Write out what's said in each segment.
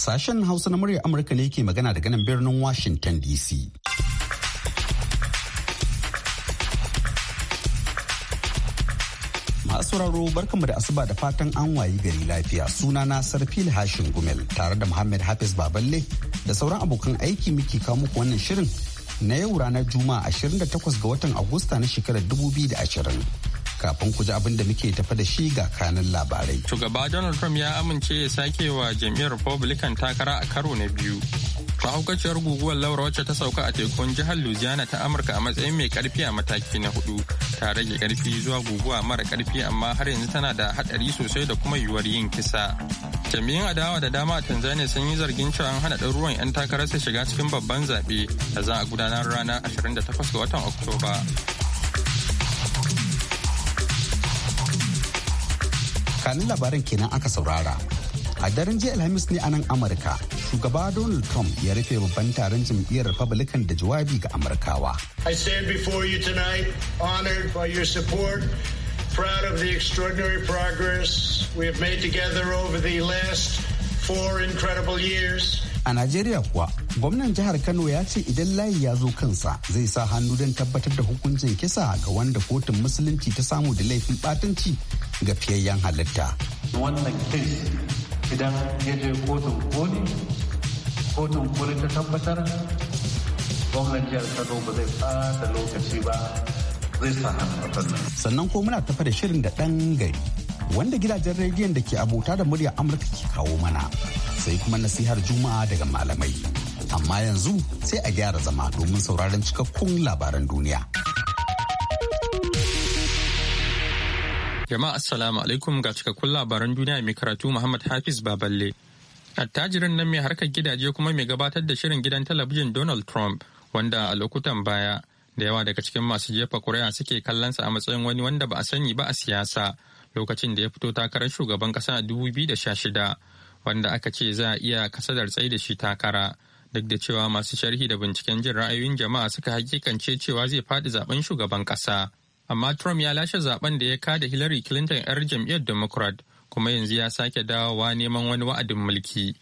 Sashen Hausa na muryar Amurka ne ke magana daga nan birnin Washington DC. Masu sauraro barkanmu da asuba da fatan an wayi gari lafiya suna na Sarfil Hashin Gumel tare da Muhammad Hafiz Baballe da sauran abokan aiki muke kawo muku wannan shirin na yau ranar Juma'a 28 ga watan Agusta na shekarar 2020. kafin ku ji abin da muke tafa da shi ga kanin labarai. Shugaba Donald Trump ya amince ya sake wa jam'iyyar Republican takara a karo na biyu. Mahaukaciyar guguwar Laura wacce ta sauka a tekun jihar Louisiana ta Amurka a matsayin mai karfi a mataki na hudu ta rage karfi zuwa guguwa mara karfi amma har yanzu tana da hadari sosai da kuma yiwuwar yin kisa. Jami'in adawa da dama a Tanzania sun yi zargin cewa an hana ɗaruruwan 'yan takarar takararsa shiga cikin babban zaɓe da za a gudanar ranar 28 ga watan Oktoba. kanin labaran kenan aka saurara a daren jiya alhamis ne a nan amurka shugaba donald trump ya rufe babban taron jam'iyyar republican da jawabi ga amurkawa i stand before you tonight honored by your support proud of the extraordinary progress we have made together over the last four incredible years A Najeriya kuwa, gwamnan jihar Kano ya ce idan layi ya zo kansa zai sa hannu don tabbatar da hukuncin kisa ga wanda kotun musulunci ta samu da laifin batanci ga fiyayyen halitta. Wannan kes idan ya je kotun koli, kotun koli ta tabbatar gwamnan jihar Kano ba zai tsada lokaci ba zai sa hannu Sannan ko muna tafa da shirin da ɗan gari wanda gidajen rediyon da ke abota da murya Amurka ke kawo mana. sai kuma nasihar juma'a daga malamai amma yanzu sai a gyara zama domin sauraron cikakkun labaran duniya jama'a assalamu alaikum ga cikakkun labaran duniya mai karatu muhammad hafiz baballe attajirin nan mai harkar gidaje kuma mai gabatar da shirin gidan talabijin donald trump wanda a lokutan baya da yawa daga cikin masu jefa kuri'a suke kallonsa a matsayin wani wanda ba a sani ba a siyasa lokacin da ya fito takarar shugaban kasa a 2016 wanda aka ce za a iya kasadar tsai da shi takara duk da cewa masu sharhi da binciken jin ra'ayoyin jama'a suka hakikance cewa zai faɗi zaben shugaban ƙasa amma trump ya lashe zaben da ya kada hillary clinton 'yar jam'iyyar democrat kuma yanzu ya sake dawowa neman wani wa'adin mulki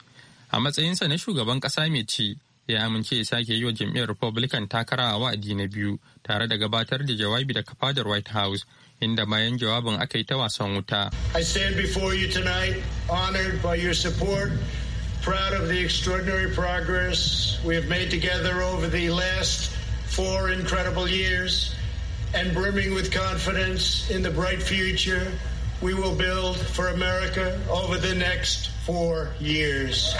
a matsayinsa na shugaban ƙasa mai ci ya amince ya sake yi wa jam'iyyar republican takara a wa'adi na biyu tare da gabatar da jawabi daga fadar white house inda bayan jawabin aka yi ta wasan wuta i stand before you tonight honored by your support proud of the extraordinary progress we have made together over the last four incredible years and brimming with confidence in the bright future we will build for america over the next four years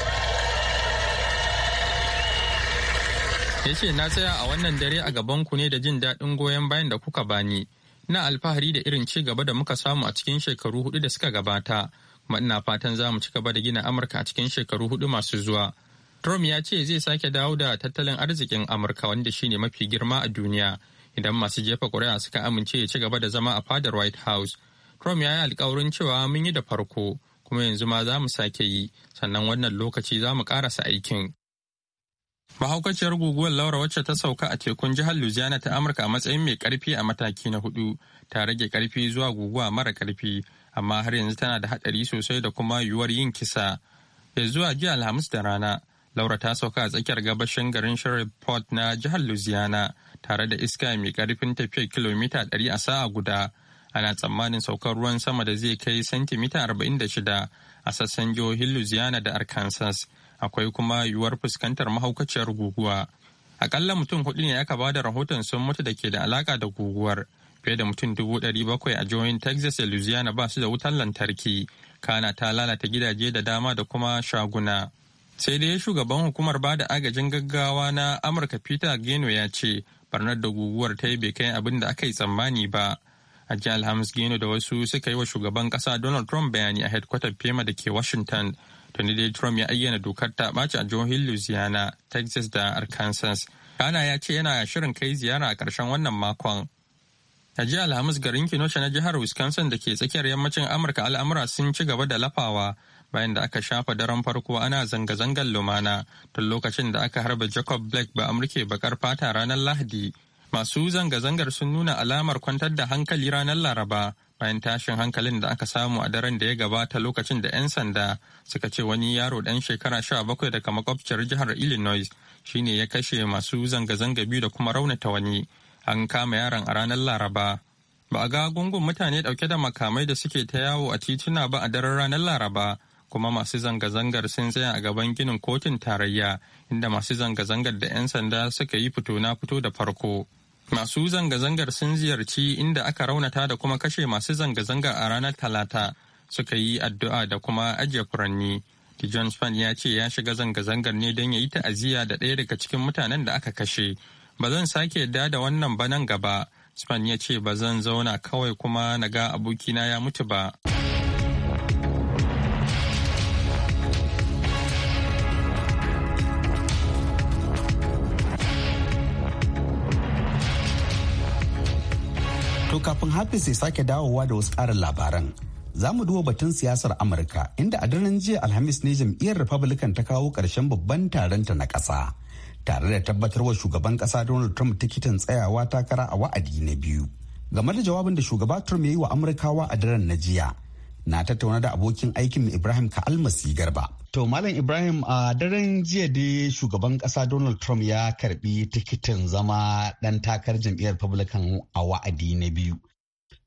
ya ce na tsaya a wannan dare a gaban ku ne da jin daɗin goyon bayan da kuka bani na alfahari da irin ci gaba da muka samu a cikin shekaru hudu da suka gabata kuma ina fatan za mu ci gaba da gina amurka a cikin shekaru hudu masu zuwa trump ya ce zai sake dawo da tattalin arzikin amurka wanda shine mafi girma a duniya idan masu jefa ƙuri'a suka amince ya ci gaba da zama a fadar white house trump ya yi alkawarin cewa mun yi da farko kuma yanzu ma za mu sake yi sannan wannan lokaci za mu karasa aikin Mahaukaciyar guguwar Laura wacce ta sauka a tekun jihar Louisiana ta Amurka a matsayin mai karfi a mataki na hudu ta rage karfi zuwa guguwa mara karfi amma har yanzu tana da hadari sosai da kuma yiwuwar yin kisa. Da zuwa jiya Alhamis da rana, Laura ta sauka a tsakiyar gabashin garin Shreveport na jihar Louisiana tare da iska mai karfin tafiya kilomita ɗari a sa'a guda. Ana tsammanin saukar ruwan sama da zai kai santimita arba'in da shida a sassan jihohin Louisiana da Arkansas. akwai kuma yiwuwar fuskantar mahaukaciyar guguwa akalla mutum hudu ne aka bada rahoton sun mutu da ke da alaka da guguwar fiye da mutum dubu ɗari bakwai a jihohin texas da louisiana ba su da wutar lantarki kana ta lalata gidaje da dama da kuma shaguna sai dai shugaban hukumar bada agajin gaggawa na amurka peter geno ya ce barnar da guguwar ta yi bai kai abin da aka yi tsammani ba a jihar hamas geno da wasu suka yi wa shugaban kasa Donald Trump bayani a headquarter FEMA da ke Washington tuni dai trump ya ayyana dokar ta ɓaci a jihohin louisiana texas da arkansas kana ya ce yana shirin kai ziyara a ƙarshen wannan makon a jiya alhamis garin kenosha na jihar wisconsin da ke tsakiyar yammacin amurka al'amura sun ci gaba da lafawa bayan da aka shafa daren farko ana zanga-zangar lumana tun lokacin da aka harba jacob blake ba amurke bakar fata ranar lahadi masu zanga-zangar sun nuna alamar kwantar da hankali ranar laraba bayan tashin hankalin da aka samu a daren da ya gabata lokacin da 'yan sanda suka ce wani yaro ɗan shekara sha bakwai daga makwabciyar jihar illinois shine ya kashe masu zanga-zanga biyu da kuma raunata wani an kama yaron a ranar laraba ba a ga gungun mutane ɗauke da makamai da suke ta yawo a tituna ba a daren ranar laraba kuma masu zanga-zangar sun tsaya a gaban ginin kotun tarayya inda masu zanga-zangar da 'yan sanda suka yi fito na fito da farko Masu zanga-zangar sun ziyarci inda aka raunata da kuma kashe masu zanga-zanga a ranar Talata suka yi addu'a da kuma ajiye furanni. John Span ya ce ya shiga zanga-zangar ne don ya yi ta'aziyya da ɗaya daga cikin mutanen da aka kashe. Ba zan sake yarda da wannan ba nan gaba. Span ya ce ba zan zauna kawai kuma na ga abokina ya mutu ba. To kafin Hafiz ya sake dawowa da wasu ƙarin labaran. Za mu duba batun siyasar Amurka inda a daren jiya Alhamis ne jam'iyyar Republican ta kawo ƙarshen babban taron ta na ƙasa. Tare da tabbatarwa shugaban ƙasa Donald Trump tikitin tsayawa takara a wa'adi na biyu. Game da jawabin da shugaba Trump ya yi wa Amurkawa a daren na jiya. na tattauna da abokin aikin Ibrahim Ka'almasi Garba. To Malam Ibrahim a daren jiya da shugaban kasa Donald Trump ya karbi tikitin zama dan takar jam'iyyar Republican a wa'adi na biyu.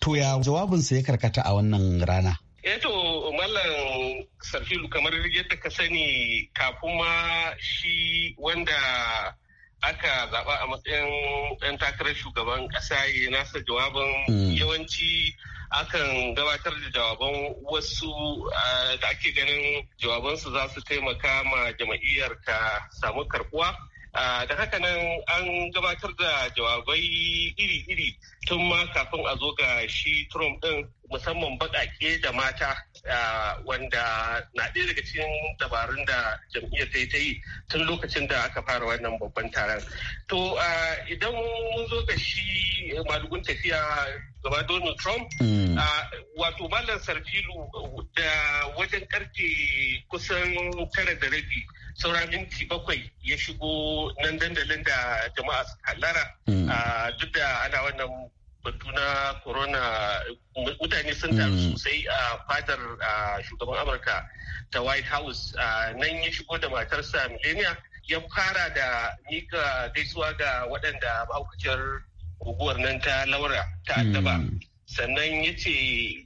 To ya jawabinsa ya karkata a wannan rana? Eh to Malam Sarfilu kamar yadda ka sani kafin ma shi wanda aka zaba a matsayin ɗan takarar shugaban ƙasa ya nasa jawabin hmm. yawanci akan gabatar da jawaban wasu da ake ganin jawabansu za su taimaka ma jama'iyyar ta samu karbuwa da haka nan an gabatar da jawabai iri-iri tun ma kafin a zo ga shi trump din musamman baƙaƙe da mata wanda na ɗaya daga cikin dabarun da jam'iyyar ta yi ta yi tun lokacin da aka fara wannan babban taron to idan mun zo ga shi malugun tafiya gaba donald trump hmm. wato malam sarfilu da wajen karfe kusan tara da rabi sauran minti bakwai ya shigo nan dandalin da jama'a su hmm. a duk da ana wannan batu na corona mutane sun taru hmm. sosai a fadar shugaban amurka ta white house nan ya shigo da matarsa millennia ya fara da mika gaisuwa ga waɗanda mahaukaciyar guguwar nan ta laura ta hmm. addaba sannan ya ce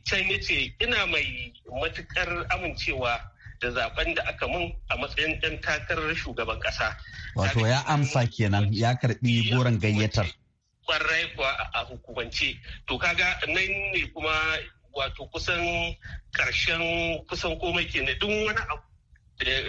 can ya ce ina mai matukar amincewa da zaben da aka mun a matsayin ɗan takarar shugaban ƙasa. Wato ya amsa kenan ya karɓi goron gayyatar. Kwarai kuwa a hukumance. To kaga nan ne kuma wato kusan ƙarshen kusan komai kenan duk wani abu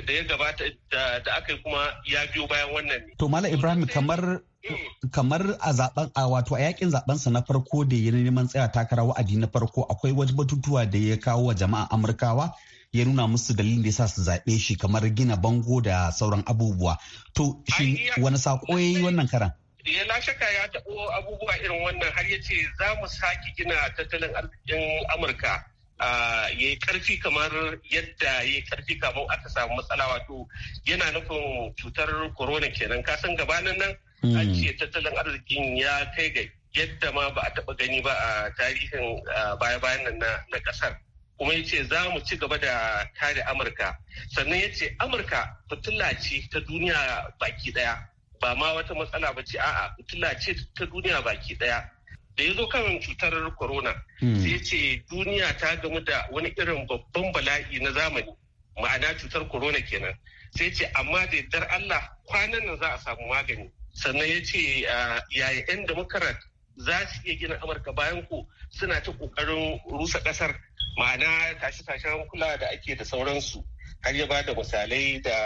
da ya gabata da aka yi kuma ya biyo bayan wannan ne. To Malam Ibrahim kamar mm. kamar a zaben a wato a yakin zaben sa na farko da ya neman tsaya takara wa'adi na farko akwai wasu batutuwa da ya kawo wa jama'a Amurkawa ya nuna musu dalilin da ya sa su zaɓe shi kamar gina bango da sauran abubuwa to shi wani sako ya yi wannan karan ya na shaka ya taɓo abubuwa irin wannan har ya ce za mu sake gina tattalin arzikin amurka ya yi ƙarfi kamar yadda ya yi ƙarfi kamar aka samu matsala wato yana nufin cutar corona kenan kasan gabanin nan hmm. an ce tattalin arzikin ya kai ga yadda ma ba a taɓa gani ba a tarihin baya-bayan nan na ƙasar kuma ya ce za mu ci gaba da kare amurka sannan ya ce amurka fitila ce ta duniya baki daya ba ma wata matsala ba ce a'a fitila ce ta duniya baki daya da ya zo kan cutar corona hmm. sai ya ce duniya ta gamu da wani irin babban bala'i na zamani ma'ana cutar corona kenan sai ce amma da yardar allah kwanan nan za a samu magani sannan ya ce ah, yaya 'yan democrat za su iya gina amurka bayan ku suna ta kokarin rusa kasar ma'ana tashe-tashen kula da ake da sauransu har ya ba da misalai da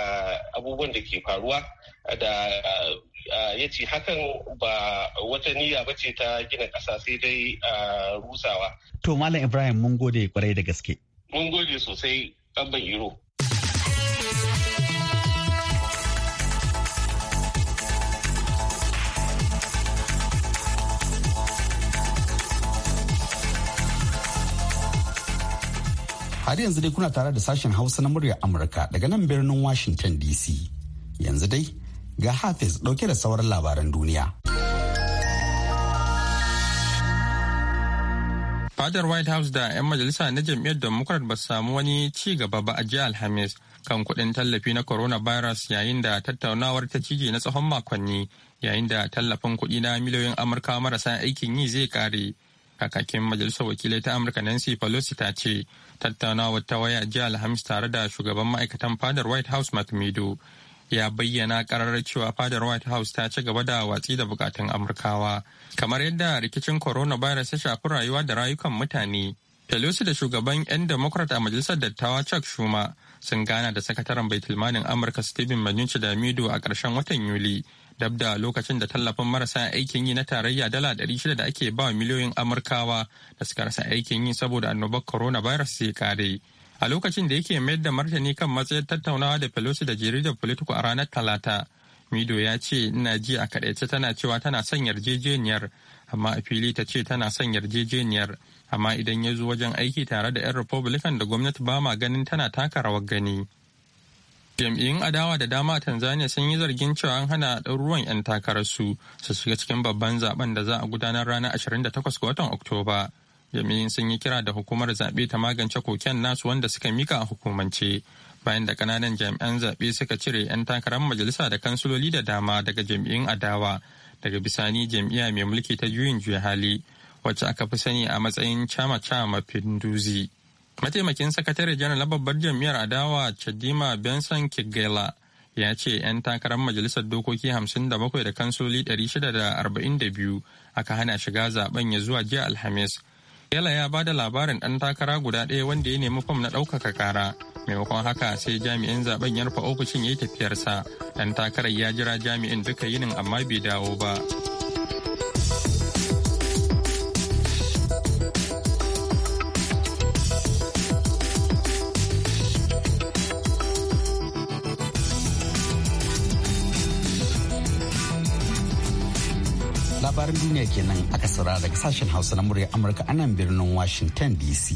abubuwan da ke faruwa da ya ce hakan ba wata niyya ba ce ta gina ƙasa sai dai rusawa. To Malam Ibrahim mun gode kwarai da gaske. Mun gode sosai ɗan iro. Har yanzu dai kuna tare da sashen Hausa na muryar Amurka daga nan birnin Washington DC. Yanzu dai ga Hafiz dauke da sauran labaran duniya. Fadar White House da 'yan majalisa na jam'iyyar Democrat ba samu wani ci gaba ba a jiya Alhamis kan kuɗin tallafi na coronavirus yayin da tattaunawar ta cije na tsawon makonni yayin da tallafin kuɗi na miliyoyin Amurka marasa aikin yi zai kare. kakakin majalisar wakilai ta amurka nancy pelosi ta ce tattaunawar ta waya jiya alhamis tare da shugaban ma'aikatan fadar white house mark meadow ya bayyana karar cewa fadar white house ta ci gaba da watsi da bukatun amurkawa kamar yadda rikicin coronavirus ya shafi rayuwa da rayukan mutane pelosi da shugaban 'yan democrat a majalisar dattawa chuck schumer sun gana da sakataren baitulmanin amurka stephen mnuchin da meadow a karshen watan yuli dab da lokacin da tallafin marasa aikin yi na tarayya dala ɗari shida da ake ba miliyoyin amurkawa da suka rasa aikin yi saboda annobar coronavirus sai kare a lokacin da yake mayar da martani kan matsayin tattaunawa da pelosi da jaridar politiko a ranar talata mido ya ce ina ji a kadaice tana cewa tana son yarjejeniyar amma a fili ta ce tana son yarjejeniyar amma idan ya zo wajen aiki tare da 'yan republican da gwamnati ba ma ganin tana taka rawar gani. jam'iyyun adawa da dama a tanzania sun yi zargin cewa an hana ɗaruruwan 'yan takararsu su shiga cikin babban zaben da za a gudanar ranar 28 ga watan oktoba jami'in sun yi kira da hukumar zaɓe ta magance koken nasu wanda suka mika a hukumance bayan da kananan jami'an zaɓe suka cire 'yan takarar majalisa da kansiloli da dama daga jami'in adawa daga bisani jam'iyya mai mulki ta juyin juya hali wacce aka fi sani a matsayin chama chama mapinduzi mataimakin sakatare janar na babbar jami'ar adawa chadima benson kigela ya ce 'yan takarar majalisar dokoki 57 da kansoli 642 aka hana shiga zaben ya zuwa jiya alhamis kela ya ba da labarin ɗan takara guda ɗaya wanda ya nemi fam na ɗaukaka kara maimakon haka sai jami'in zaben ya rufe ofishin ya yi tafiyarsa ɗan takarar ya jira jami'in duka yinin amma bai dawo ba. labarin duniya kenan aka saurara daga sashen hausa na murya amurka a nan birnin washington dc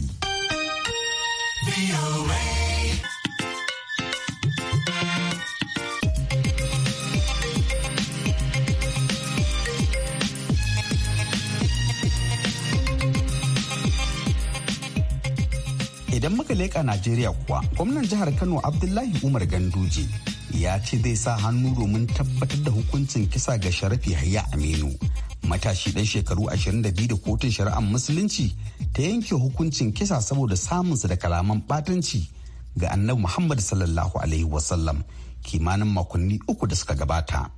idan muka leƙa najeriya kuwa gwamnan jihar kano abdullahi umar ganduje ya ce zai sa hannu domin tabbatar da hukuncin kisa ga sharafi hayya aminu matashi ɗan shekaru 22 da kotun shari'ar musulunci ta yanke hukuncin kisa saboda samunsa da kalaman batanci ga annabi muhammad sallallahu alaihi wasallam kimanin makonni uku da suka gabata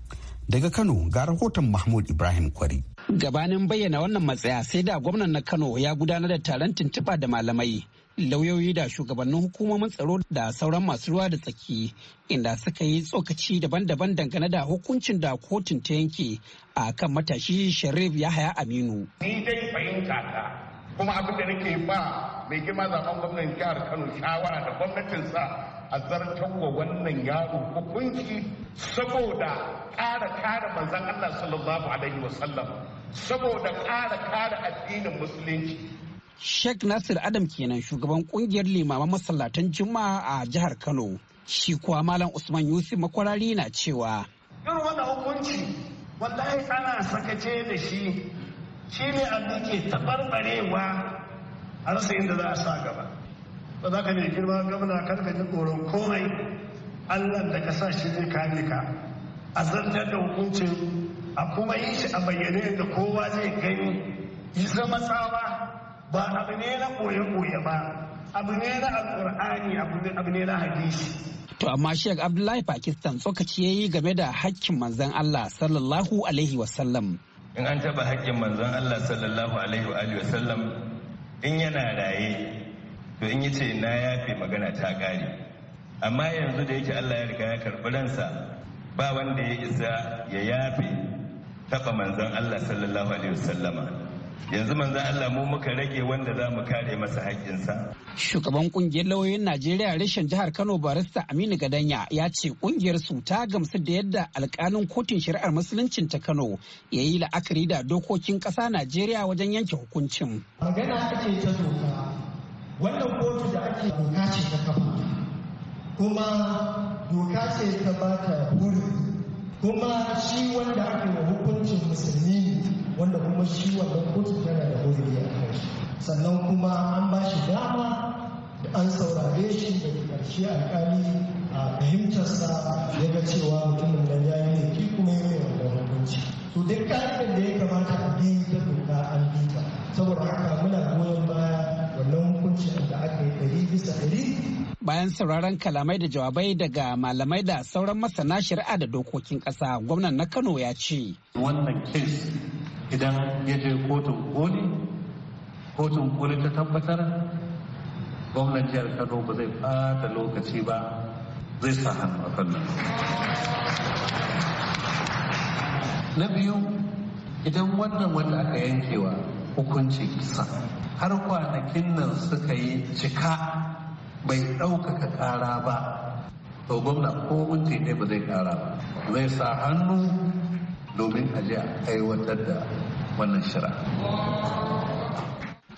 daga kano ga rahoton mahmud ibrahim kwari gabanin bayyana wannan matsaya sai da gwamnan na kano ya gudanar da taron tuntuɓa da malamai lauyoyi da shugabannin hukumomin tsaro da sauran masu ruwa da tsaki inda suka yi tsokaci daban-daban dangane da hukuncin da kotun ta yanke a kan matashi sharif ya haya aminu ni dai fahimta ta kuma abin da nake ba mai gima zaben gwamnan jihar kano shawara da gwamnatinsa a zartar wa wannan yaro hukunci saboda ƙara kare manzon allah sallallahu alaihi wasallam saboda ƙara kare addinin musulunci Sheikh Nasir Adam kenan shugaban kungiyar limaman masallatan Juma'a a jihar Kano. Shi kuwa Malam Usman Yusuf makwarari na cewa. Irin wanda hukunci wallahi ana sakace da shi shi ne a ke tabarbarewa a rasa da za a sa gaba. Ba za ka ne girma gwamna kar ka ji tsoron komai Allah da ka sa shi zai kare ka. A zartar da hukuncin a kuma yi shi a bayyane da kowa zai gani yi zama tsawa ba abu ne na koye-koye ba abu ne na alkur'ani abu ne na hadisi To amma Sheikh Abdullahi Pakistan tsokaci ya yi game da hakkin manzan Allah sallallahu Alaihi wasallam. In an taba hakkin manzan Allah sallallahu Alaihi wasallam in yana raye to in ce na yafe magana ta ƙare Amma yanzu da yake Allah ya riga ya karɓi ransa ba wanda ya isa ya yafe taɓa manzan Allah sallallahu Alaihi wasallama. yanzu manzan Allah mu muka rage wanda za mu kare masa haƙƙinsa. Shugaban ƙungiyar lauyoyin Najeriya reshen jihar Kano barista Aminu Gadanya ya ce ƙungiyar su ta gamsu da yadda alƙalin kotun shari'ar musuluncin ta Kano ya yi la'akari da dokokin ƙasa Najeriya wajen yanke hukuncin. Magana ake ta doka wannan kotu da ake doka ce ta kafa kuma doka ce ta bata huri kuma shi wanda ake hukuncin wanda kuma shi wannan kotun tana da hurri a shi sannan kuma an ba shi dama da an saurare shi da ƙarshe alkali a fahimtarsa ya ga cewa mutumin nan ya yi laifi kuma ya mai wannan hukunci to duk ƙa'idar da ya kamata a bi ta doka an bi ta saboda haka muna goyon baya wannan hukuncin da aka yi ɗari bisa ɗari bayan sauraron kalamai da jawabai daga malamai da sauran masana shari'a da dokokin ƙasa gwamnan na kano ya ce wannan kes idan ya je kotun koli kotun koli ta tabbatar gwamnan jihar kano ba zai fata lokaci ba zai sa hannu a fannin na biyu idan wannan wanda aka yankewa hukunci kisa har kwanakin nan suka yi cika bai ɗaukaka ƙara ba to gwamna ko mutum ne ba zai ƙara ba zai sa hannu domin a je aiwatar da wannan shira.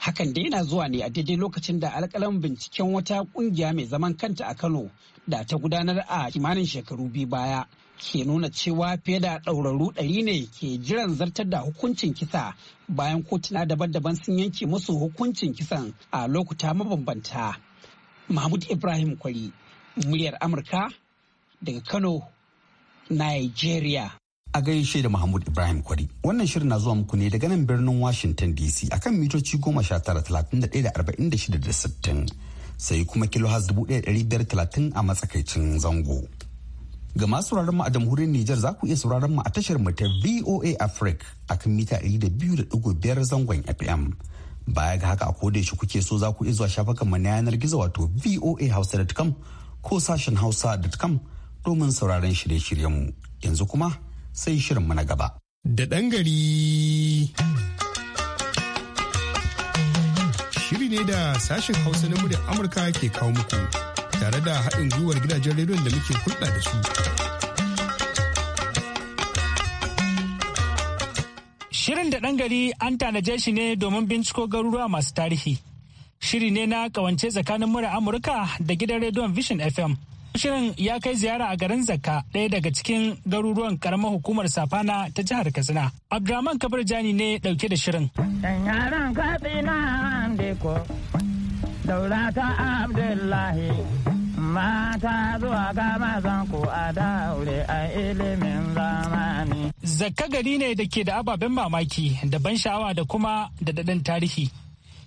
Hakan dai yana zuwa ne a daidai lokacin da alƙalan binciken wata ƙungiya mai zaman kanta a Kano da ta gudanar a kimanin shekaru biyu baya ke nuna cewa fiye da ɗauraru ɗari ne ke jiran zartar da hukuncin kisa bayan kotuna daban-daban sun yanke musu hukuncin kisan a lokuta mabambanta. Mahmud Ibrahim Kwari, muryar Amurka daga Kano, Nigeria. a gaishe da Mahmud Ibrahim Kwari. Wannan shirin na zuwa muku ne daga nan birnin Washington DC akan mitoci goma sha sai kuma kilo has dubu a matsakaicin zango. Ga masu sauraron mu a jamhuriyar Nijar za ku iya sauraron mu a tashar mu ta VOA Africa kan mita ɗari zangon FM. Baya ga haka a koda yaushe kuke so za ku iya zuwa shafukanmu na yanar gizo wato voahausa.com ko sashen hausa.com domin sauraron shirye-shiryenmu. Yanzu kuma sai shirinmu na gaba. Da ɗan gari. Shiri ne da sashen Hausa na muryar Amurka ke kawo muku tare da haɗin gwiwar gidajen rediyon da muke hulɗa da su. Shirin da ɗan gari an tanaje shi ne domin binciko garuruwa masu tarihi. Shiri ne na kawance tsakanin murar Amurka da gidan rediyon Vision FM. shirin ya kai ziyara a garin Zakka ɗaya daga cikin garuruwan karamar hukumar Safana ta jihar Katsina. abdulrahman Kabir Jani ne ɗauke da shirin. Katsina Abdullahi, mata zuwa gama mazan a daure a ilimin zamani. Zakka gari ne da ke da ababen mamaki da ban sha'awa da kuma da tarihi.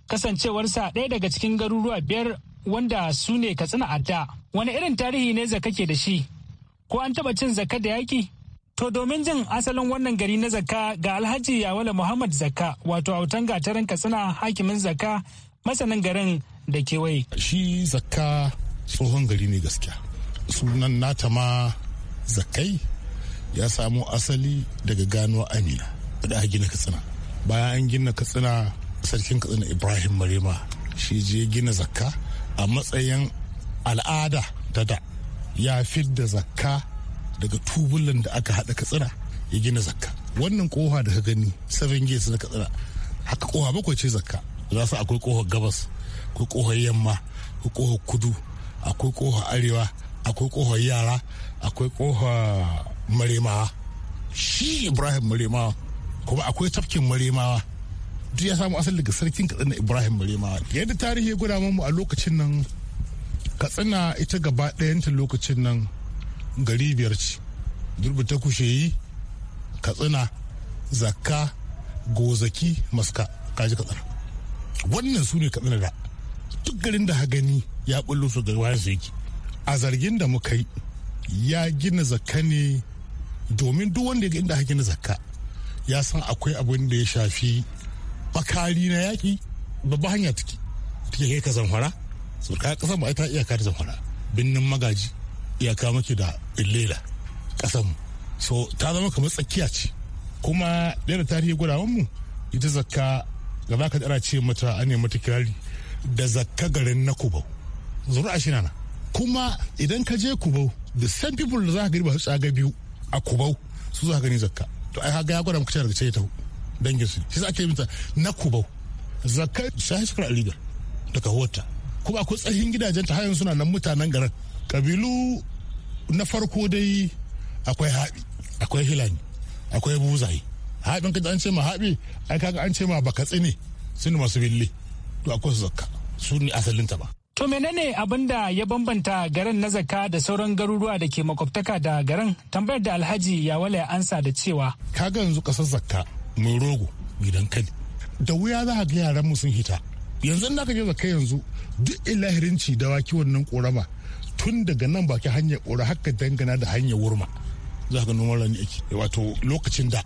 Kasancewarsa ɗaya daga cikin garuruwa biyar wanda su ne katsina da wani irin tarihi ne zaka ke da shi ko an taba cin zakka da yaki to domin jin asalin wannan gari na zakka ga alhaji yawala muhammad zakka wato autan gatarin katsina hakimin zakka masanin garin da kewaye shi zakka tsohon gari ne gaskiya sunan nata ma zakai ya samo asali daga gano amina da a gina katsina bayan an gina katsina sarkin katsina ibrahim marema shi je gina zakka a matsayin al'ada ta da ya fidda zakka daga tubulan da aka haɗa katsina ya gina zakka wannan koha da ka gani seven gates na katsina haka koha bakwai ce zakka za su akwai kohar gabas akwai yamma akwai kudu akwai arewa akwai kohar yara akwai kohar maremawa shi ibrahim maremawa kuma akwai tafkin maremawa duk ya samu asali daga sarkin katsina ibrahim barema yadda tarihi ya gwada mu a lokacin nan katsina ita gaba ɗayanta lokacin nan gari biyar ce durbi ta kushe yi. katsina zakka gozaki maska kaji katsina wannan su ne katsina da duk garin da gani ya bullo su ga wayan su yake a zargin da muka yi ya gina zakka ne domin duk wanda ya ga inda gina zakka ya san akwai abin da ya shafi bakari na yaki babba hanya take take kai ka zanfara su ka kasan mu ta iyaka da zanfara binnin magaji iyaka muke da illela kasan mu so ta zama kamar tsakiya ce kuma ɗaya da tarihi gudawan mu ita zakka ga za ka ce mata an ne mata kirari da zakka garin na kubau zuri'a shi nana kuma idan ka je kubo the same people da za ka gani ba su tsaga biyu a kubo su za ka gani zakka to ai haka ya gwada muka daga ce ta dangin su shi ake mata na kubau sai shahi shukar aligar daga wata kuma akwai tsahin gidajen ta hayan suna nan mutanen garin kabilu na farko dai akwai haɓi akwai hilani akwai buzaye haɓin kaji an ce ma haɓi ai kaga an ce ma baka tsine sun masu billi to akwai zakka su ne asalin ta ba to menene abin da ya bambanta garin na zakka da sauran garuruwa da ke makwabtaka da garin tambayar da alhaji ya wala ya ansa da cewa kaga yanzu kasar zakka mun rogo gidan kali da wuya za ka ga yaran mu sun hita yanzu in ka je zaka yanzu duk ilahirin ci dawa wannan korama tun daga nan baki hanyar kora haka dangana da hanyar wurma za ka noman rani ake wato lokacin da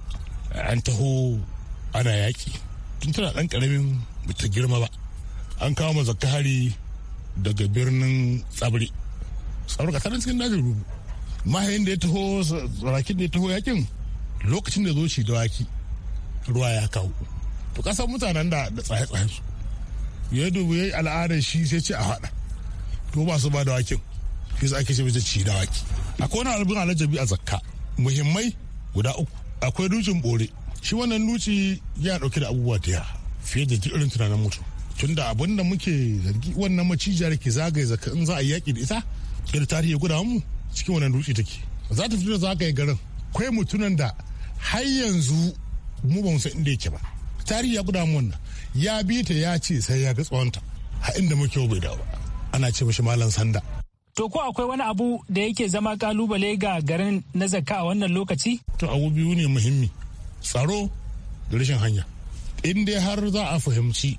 an taho ana yaki tun tana dan karamin bata girma ba an kawo zakka hari daga birnin tsabri tsabri ka tsarin cikin dajin rubu mahayin da ya taho rakin da ya taho yakin lokacin da zo shi da waki ruwa ya kawo to kasan mutanen da da tsaye-tsayen su ya dubu yayi al'adar shi sai ce a hada to ba su ba da wakin shi ake ce mace ci da waki akwai wani albin alajabi a zakka muhimmai guda uku akwai dutsen bore shi wannan dutse ya dauke da abubuwa da yawa fiye da irin tunanin mutum da abin da muke zargi wannan macijiyar ke zagaye zakka in za a yaki da ita da tarihi guda mu cikin wannan dutse take za ta fito da zagaye garin akwai mutunan da har yanzu mu ba mu san inda yake ba tarihi ya guda mu wannan ya bi ta ya ce sai ya ga tsawonta a inda muke bai dawo ba ana ce mishi malam sanda to ko akwai wani abu da yake zama kalubale ga garin na zakka a wannan lokaci to abu biyu ne muhimmi tsaro da rashin hanya in dai har za a fahimci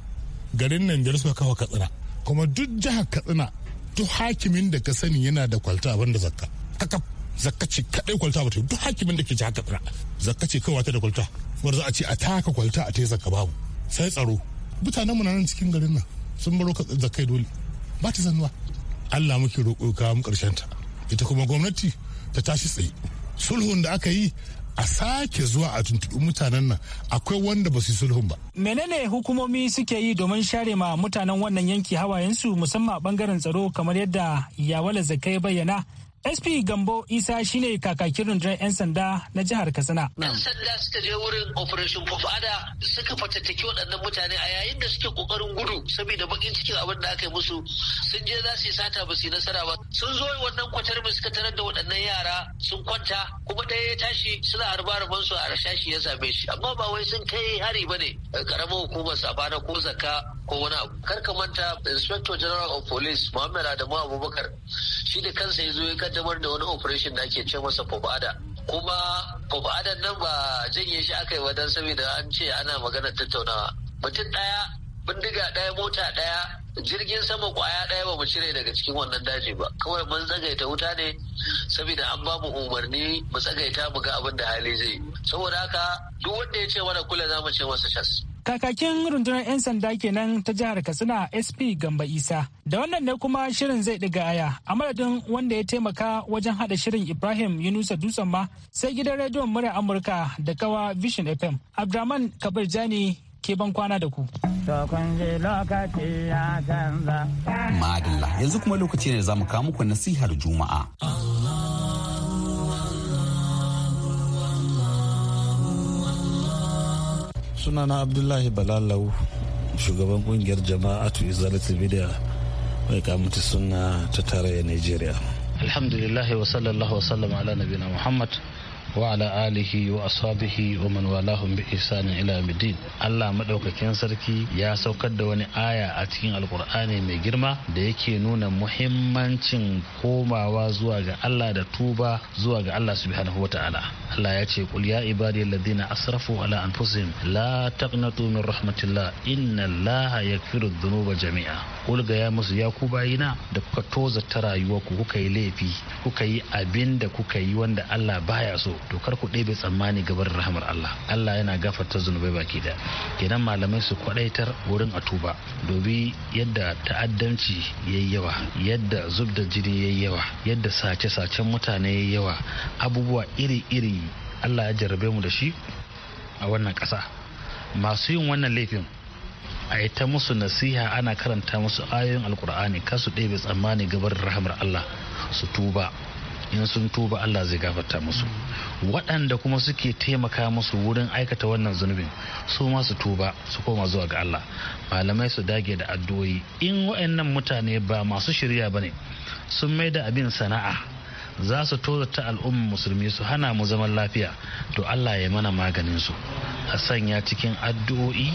garin nan da suka kawo katsina kuma duk jihar katsina duk hakimin da ka sani yana da kwalta abin da zakka haka zakka ce kadai kwalta ba ta duk hakimin da ke jihar katsina zakka ce kawai ta da kwalta kuma za a ce a taka kwalta a taisa ka babu sai tsaro mutanenmu na nan cikin garin nan sun baro ka zakai dole ba ta zanuwa Allah muke roƙo ka mu ƙarshen ta ita kuma gwamnati ta tashi tsaye sulhun da aka yi a sake zuwa a tuntuɓi mutanen nan akwai wanda ba su yi sulhun ba. Menene hukumomi suke yi domin share ma mutanen wannan yanki hawayensu musamman a bangaren tsaro kamar yadda yawala zakai bayyana sp gambo isa shine kakakin rundunar 'yan sanda na jihar katsina yan sanda suka je wurin operation ada suka fatattaki waɗannan mutane a yayin da suke kokarin gudu saboda bakin cikin abin da aka yi musu sun je za su yi sata ba su yi nasara ba sun zo wannan kwatar mai suka tarar da waɗannan yara sun kwanta kuma ɗaya ya tashi suna harba raban su a rashashi ya same shi amma ba wai sun kai hari ba ne karamar hukumar sabana ko zakka ko wani abu kar ka manta inspector general of police muhammad adamu abubakar shi da kansa ya zo ya kaddamar da wani operation da ake ce masa ada kuma pop'ada nan ba janye shi aka yi ba dan saboda an ce ana magana tattaunawa mutum ɗaya bindiga ɗaya mota ɗaya jirgin sama kwaya ɗaya ba mu cire daga cikin wannan daji ba kawai mun tsagaita wuta ne saboda an ba mu umarni mu tsagaita mu ga abin da hali zai saboda haka duk wanda ya ce mana kula za mu ce masa shas Kakakin rundunar 'yan sanda kenan ta jihar Katsina SP Gamba Isa. Da wannan ne kuma shirin zai ɗiga aya a madadin wanda ya taimaka wajen haɗa shirin Ibrahim Yunusa Dutsen ma sai gidan rediyon murya Amurka da kawa Vision FM. Abdraman Kabir Jani ke ban kwana da ku. Madalla yanzu kuma lokaci ne za mu kawo muku nasihar Juma'a. sunana abdullahi balalau shugaban kungiyar jama'atu izalatu bidiya mai kamuta suna ta tarayyar nigeria alhamdulillahi wa sallallahu wa sallam ala nabina muhammad وعلى آله وأصحابه ومن والاهم بإحسان إلى يوم الدين الله مدوكاكين سركي يا سوكر da wani aya a cikin alkur'ani mai girma da yake nuna muhimmancin komawa zuwa ga Allah da tuba zuwa ga Allah subhanahu wa ta'ala Allah ya ce kul ya ibadi alladhina asrafu ala anfusihim la taqnatu min rahmatillah inna allaha yaghfiru dhunuba jami'a ulga ya musu ya ku bayina da kuka toza ta rayuwa ku kuka yi laifi kuka yi abin da kuka yi wanda Allah baya so to kar ku ɗebe tsammani gabar rahamar Allah Allah yana gafarta zunubai baki da kenan malamai su kwadaitar wurin a tuba dobi yadda ta'addanci yayi yawa yadda zubda da jini yayi yawa yadda sace-sacen mutane yayi yawa abubuwa iri-iri Allah ya jarabe mu da shi a wannan ƙasa masu yin wannan laifin a yi ta musu nasiha ana karanta musu ayoyin alkur'ani kasu ɗebe tsammani gabar rahamar Allah su tuba in sun tuba Allah zai gafarta musu waɗanda kuma suke taimaka musu wurin aikata wannan zunubin su ma su tuba su koma zuwa ga Allah malamai su dage da addu'o'i in waɗannan mutane ba masu shirya ba ne sun mai da abin sana'a za su tozata al'ummar musulmi su hana mu zaman lafiya to Allah ya mana maganin su a sanya cikin addu'o'i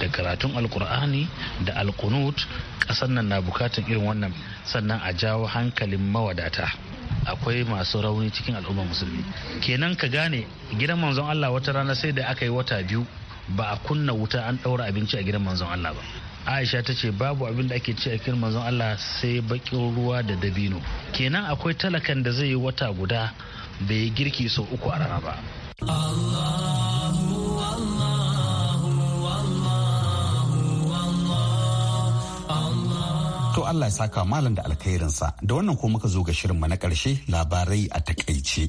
da karatun alkur'ani da alkunut ƙasar nan na bukatan irin wannan sannan a jawo hankalin mawadata akwai masu rauni cikin al'umma musulmi kenan ka gane gidan manzon Allah wata rana sai da aka yi wata biyu ba a kunna wuta an ɗaura abinci a gidan manzon Allah ba aisha ta ce babu abin da ake ci a kiran manzon Allah sai bakin ruwa da dabino kenan akwai talakan da zai yi wata guda bai girki sau uku a rana ba Allah To Allah ya saka malam da alkhairinsa da wannan ko muka zo ga shirinmu na karshe labarai a takaice.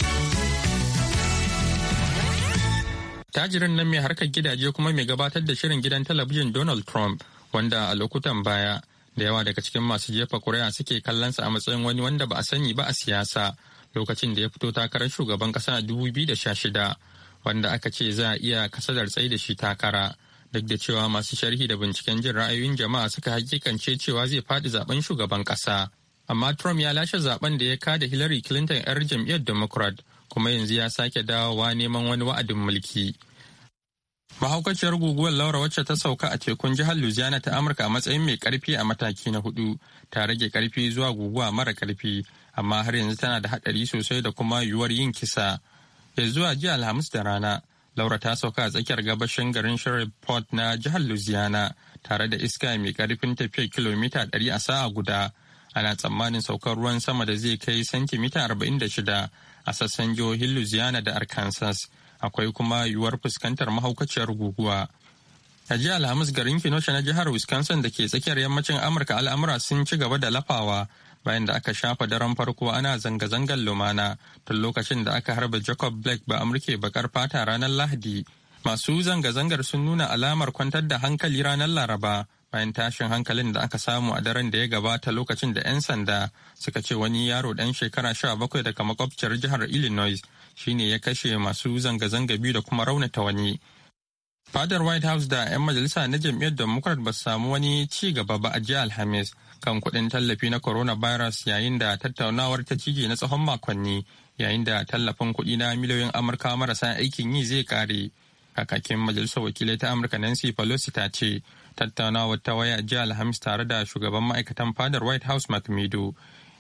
Tajirin nan mai harkar gidaje kuma mai gabatar da shirin gidan talabijin Donald Trump wanda a lokutan baya da yawa daga cikin masu jefa kuri'a suke kallonsa a matsayin wani wanda ba a sani ba a siyasa lokacin da ya fito takarar shugaban kasa a 2016 wanda aka ce za a iya kasadar tsaye da shi takara duk da cewa masu sharhi da binciken jin ra'ayoyin jama'a suka hakikance cewa zai faɗi zaben shugaban ƙasa. Amma Trump ya lashe zaben da ya kada Hillary Clinton 'yar jam'iyyar Democrat kuma yanzu ya sake dawowa neman wani wa'adin mulki. Mahaukaciyar guguwar Laura wacce ta sauka a tekun jihar Louisiana ta Amurka a matsayin mai karfi a mataki na hudu ta rage karfi zuwa guguwa mara karfi amma har yanzu tana da hadari sosai da kuma yiwuwar yin kisa. Ya zuwa jiya Alhamis da rana Laura ta sauka a tsakiyar gabashin garin Shreveport na jihar Louisiana tare da iska mai karfin tafiya kilomita 100 a sa'a guda. Ana tsammanin saukar ruwan sama da zai kai santimita 46 a sassan jihohin Louisiana da Arkansas. Akwai kuma yiwuwar fuskantar mahaukaciyar guguwa. A jiya Alhamis garin Kenosha na jihar Wisconsin da ke tsakiyar yammacin Amurka al'amura sun ci gaba da lafawa bayan da aka shafa daren farko ana zanga-zangar lumana tun lokacin da aka harba Jacob Blake ba amurke bakar fata ranar Lahadi. Masu zanga-zangar sun nuna alamar kwantar da hankali ranar Laraba bayan tashin hankalin da aka samu a daren da ya gabata lokacin da 'yan sanda suka ce wani yaro ɗan shekara sha bakwai daga makwabciyar jihar Illinois shine ya kashe masu zanga-zanga biyu da kuma raunata wani. Fadar White House da 'yan majalisa na jam'iyyar Democrat ba su samu wani ci gaba ba a jiya Alhamis kan kuɗin tallafi na coronavirus yayin da tattaunawar ta cije na tsawon makonni yayin da tallafin kuɗi na miliyoyin amurka marasa aikin yi zai kare kakakin majalisar wakilai ta amurka nancy pelosi ta ce tattaunawar ta waya jiya alhamis tare da shugaban ma'aikatan fadar white house mark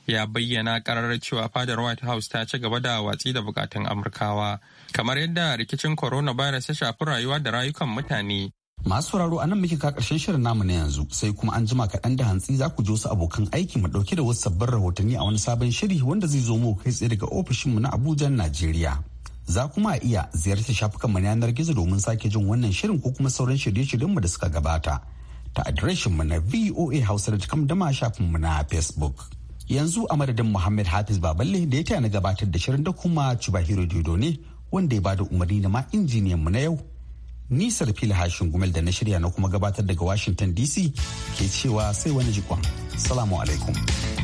ya bayyana kararar cewa fadar white house ta ci gaba da watsi da bukatun amurkawa kamar yadda rikicin coronavirus ya shafi rayuwa da rayukan mutane Masu sauraro a nan muke ka karshen shirin namu na yanzu sai kuma an jima kaɗan da hantsi za ku ji wasu abokan aiki mu ɗauke da wasu sabbin rahotanni a wani sabon shiri wanda zai zo mu kai tsaye daga ofishinmu na Abuja, Najeriya. Za kuma a iya ziyartar shafukanmu na yanar gizo domin sake jin wannan shirin ko kuma sauran shirye-shiryenmu da suka gabata. Ta adireshinmu na VOA Hausa da kam dama mu na Facebook. Yanzu a madadin Muhammad Hafiz Baballe da ya taya na gabatar da shirin da kuma Chubahiro Dodo ne wanda ya bada umarni na ma mu na yau. Ni sarfi hashin gumel da na shirya na kuma gabatar daga Washington DC ke cewa sai wani jikon. Salamu alaikum.